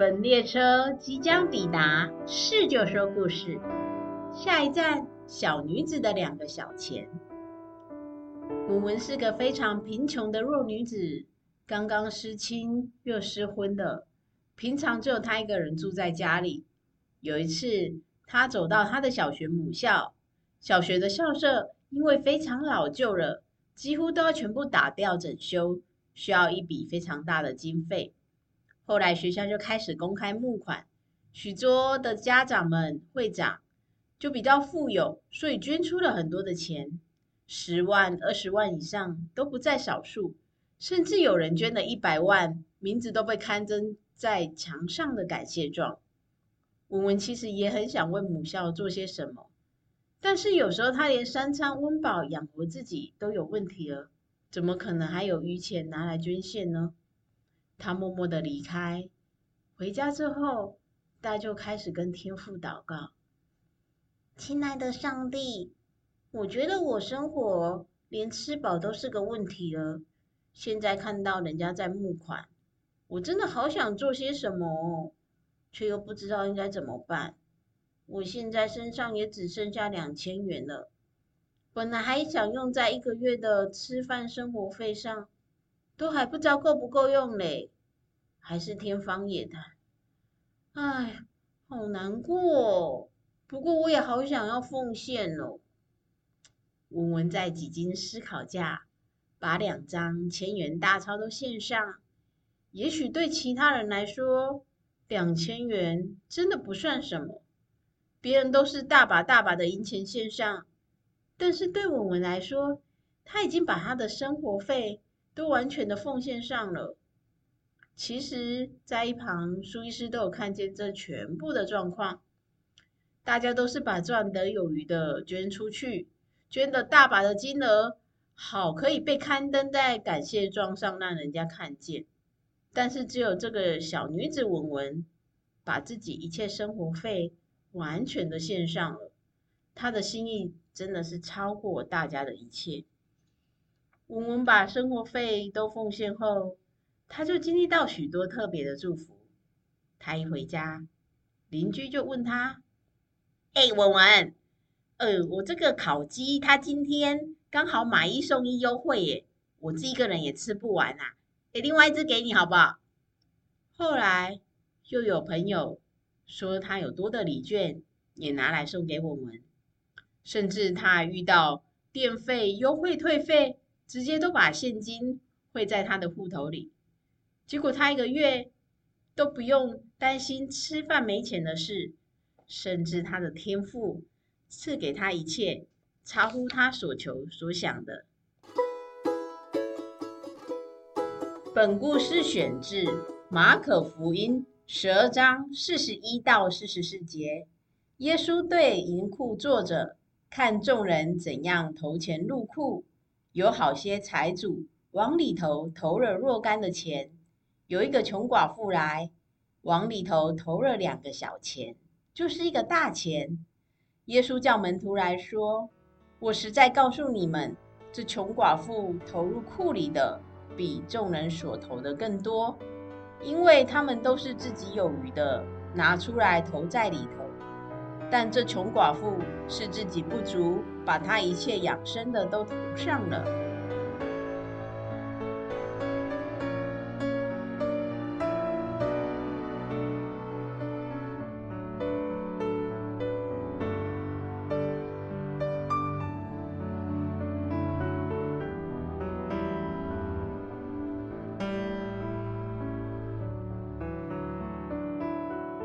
本列車即將抵達《是就說故事》，下一站，小女子的兩個小錢。母文是個非常貧窮的弱女子，剛剛失親又失婚的，平常只有她一個人住在家裡。有一次，她走到她的小學母校，小學的校舍因為非常老舊了，幾乎都要全部打掉整修，需要一筆非常大的經費。後來學校就開始公開募款，許多的家長們會長就比較富有，所以捐出了很多的錢，十萬、二十萬以上都不在少數，甚至有人捐了一百萬，名字都被刊登在牆上的感謝狀。文文其實也很想為母校做些什麼，但是有時候他連三餐溫飽養活自己都有問題了，怎麼可能還有餘錢拿來捐獻呢？他默默地離開，回家之後，他就開始跟天父禱告：“親愛的上帝，我覺得我生活連吃飽都是個問題了。現在看到人家在募款，我真的好想做些什麼，卻又不知道應該怎麼辦。我現在身上也只剩下兩千元了，本來還想用在一個月的吃飯生活費上。”都還不知道夠不夠用嘞，還是天方夜譚啊。哎，好難過哦。不過我也好想要奉獻哦。文文在幾經思考下，把兩張千元大鈔都獻上。也許對其他人來說，兩千元真的不算什麼，別人都是大把大把的銀錢獻上。但是對文文來說，他已經把他的生活費。都完全的奉獻上了。其實，在一旁，舒醫師都有看見這全部的狀況。大家都是把賺得有餘的捐出去，捐的大把的金額，好可以被刊登在感謝狀上，讓人家看見。但是，只有這個小女子文文，把自己一切生活費完全的獻上了。她的心意真的是超過大家的一切。我們把生活費都奉獻後，他就經歷到許多特別的祝福。他一回家，鄰居就問他：“誒、欸、文文，呃，我這個烤雞，他今天剛好買一送一優惠耶，我自己一個人也吃不完啊，給、欸、另外一隻給你好不好？”後來又有朋友說他有多的禮券，也拿來送給我們，甚至他遇到電費優惠退費。直接都把現金匯在他的戶頭裡，結果他一個月都不用擔心吃飯沒錢的事，甚至他的天賦賜給他一切超乎他所求所想的。本故事選自《馬可福音》十二章四十一到四十四節，耶穌對銀庫坐著，看眾人怎樣投錢入庫。有好些財主往裡頭投了若干的錢，有一個窮寡婦來，往裡頭投了兩個小錢，就是一個大錢。耶穌叫門徒來說：“我實在告訴你們，這窮寡婦投入庫裡的比眾人所投的更多，因為他們都是自己有餘的，拿出來投在裡頭。”但這窮寡婦是自己不足，把她一切養生的都投上了。